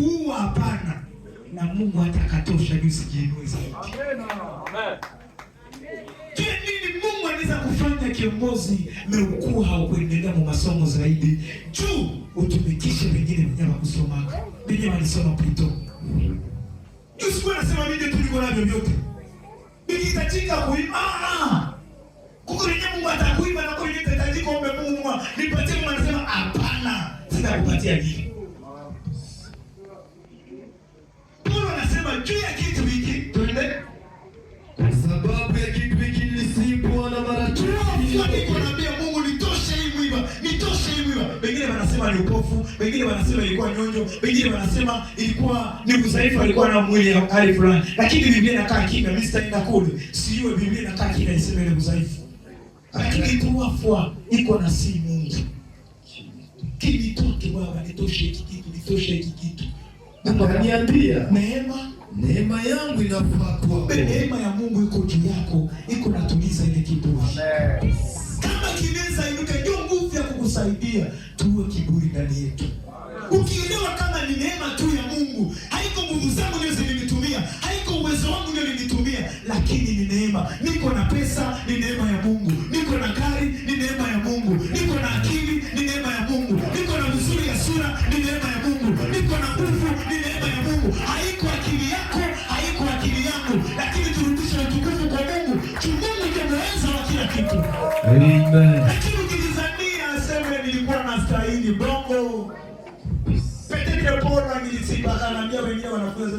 kuua hapana, na Mungu hata katosha juu sijiinue zaidi. Je, nini Mungu anaweza kufanya kiongozi, meukuwa haukuendelea mu masomo zaidi juu utumikishe wengine wenyewe kusoma wenyewe walisoma pito Sikuwa nasema vile tuliko navyo vyote vikihitajika kuima ah, ah. kuko lenye Mungu atakuima na kuko lenye tatajika ombe Mungu nipatie. Mungu anasema hapana, sitakupatia nini Simama juu ya kitu hiki, twende, kwa sababu ya kitu hiki nilisiibwa na mara tu nikuambia Mungu nitoshe hii mwiba, nitoshe hii mwiba. Wengine wanasema ni upofu, wengine wanasema ilikuwa nyonyo, wengine wanasema ilikuwa ni udhaifu, alikuwa na mwili ya hali fulani, lakini Biblia inakaa kimya. Mimi sitaenda kule, sio Biblia inakaa kimya, iseme ile udhaifu, lakini tuwafwa iko na si Mungu, kinitoke Baba, nitoshe hiki kitu, nitoshe hiki Akaniambia, neema neema yangu inafaa kwako. Neema ya Mungu iko juu yako, iko natuliza ile kiburi. Kama kimeza inuka, ndio nguvu ya kukusaidia tuwe kiburi ndani yetu. Ukielewa kama ni neema tu ya Mungu, haiko nguvu zangu ndio zilinitumia, haiko uwezo wangu ndio nilinitumia, lakini ni neema. Niko na pesa, ni neema ya Mungu. Niko na gari, ni neema lakini ukijizania aseme nilikuwa nastahili bongo petete pona nilisibakanambia wengine wanafunzi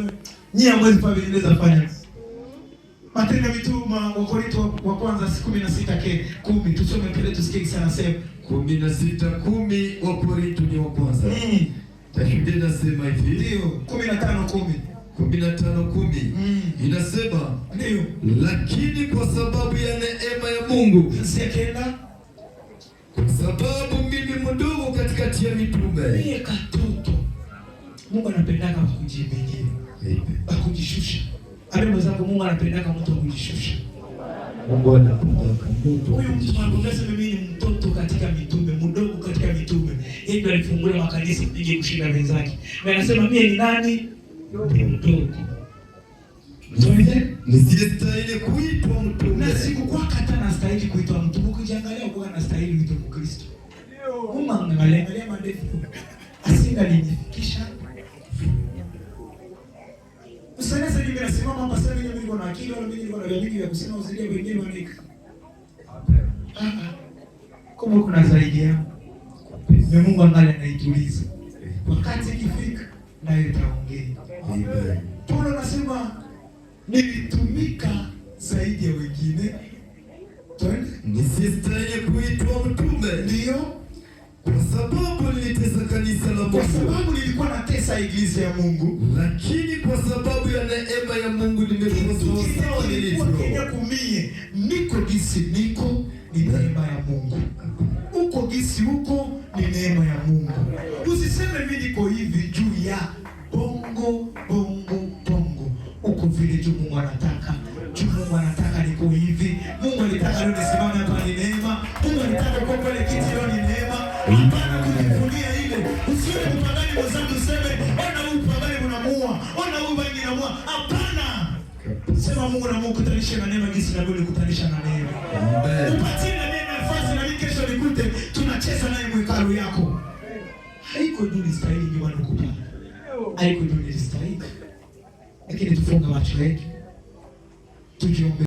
nyie hamwezi pavileza fanya Matendo ya wa Korinto wa kwanza 16 10 tusome pale tusikie sana sema 16 10 wa Korinto ni wa kwanza. Mm. Tafsiri inasema hivi. Ndio 15 10. 15 10. Mm. Inasema ndio, lakini kwa sababu ya neema ya Mungu. Msikienda sababu mimi mdogo katikati ya mitume. Mimi katoto. Mungu anapendaka kujibegea. Akujishusha. Hapo mzangu Mungu anapendaka mtu akujishusha. Mungu anapendaka mtu. Huyu mtu anapendeza mimi ni mtoto katika mitume, mdogo katika mitume. Yeye ndiye alifungua makanisa pige kushinda wenzake. Na anasema mimi ni nani? Ni mtoto. Mtoto. kuitwa mtu. Na sikukuwa kata nastahili kuitwa mtu. Ukijiangalia nyuma mnaangalia marefu, asingalijifikisha usanesa hivi nasimama hapa sasa, mimi niko na akili wala mimi niko na vitu vya kusema usije wengine wanaika. Ah, ah. Kumbe kuna zaidi yangu. Ni Mungu angalia anaituliza. Wakati ikifika na itaongea. Paulo anasema nilitumika zaidi ya wengine. Twende. Nisistahili. kanisa la Mungu, kwa sababu nilikuwa natesa iglesia ya Mungu, lakini kwa sababu ya neema ya Mungu nimekenya kumie niko gisi niko ni neema ya Mungu, uko gisi huko ni neema ya Mungu. Usiseme mimi niko hivi juu ya bongo bongo bongo, uko vile juu Mungu anataka, juu Mungu anataka niko hivi, Mungu alitaka usiwe mpagani mwenzako useme ona huyu mpagani unamuua, ona huyu bangi unamuua. Hapana, sema Mungu na Mungu kutanisha na neema gisi na Mungu kutanisha na neema. Upatie na neema nafasi na kesho nikute tunacheza naye mwekalu yako. Haiko juu ni stahili ni watu kupa. Haiko juu ni stahili. Lakini tufunga macho yetu. Tujiombe.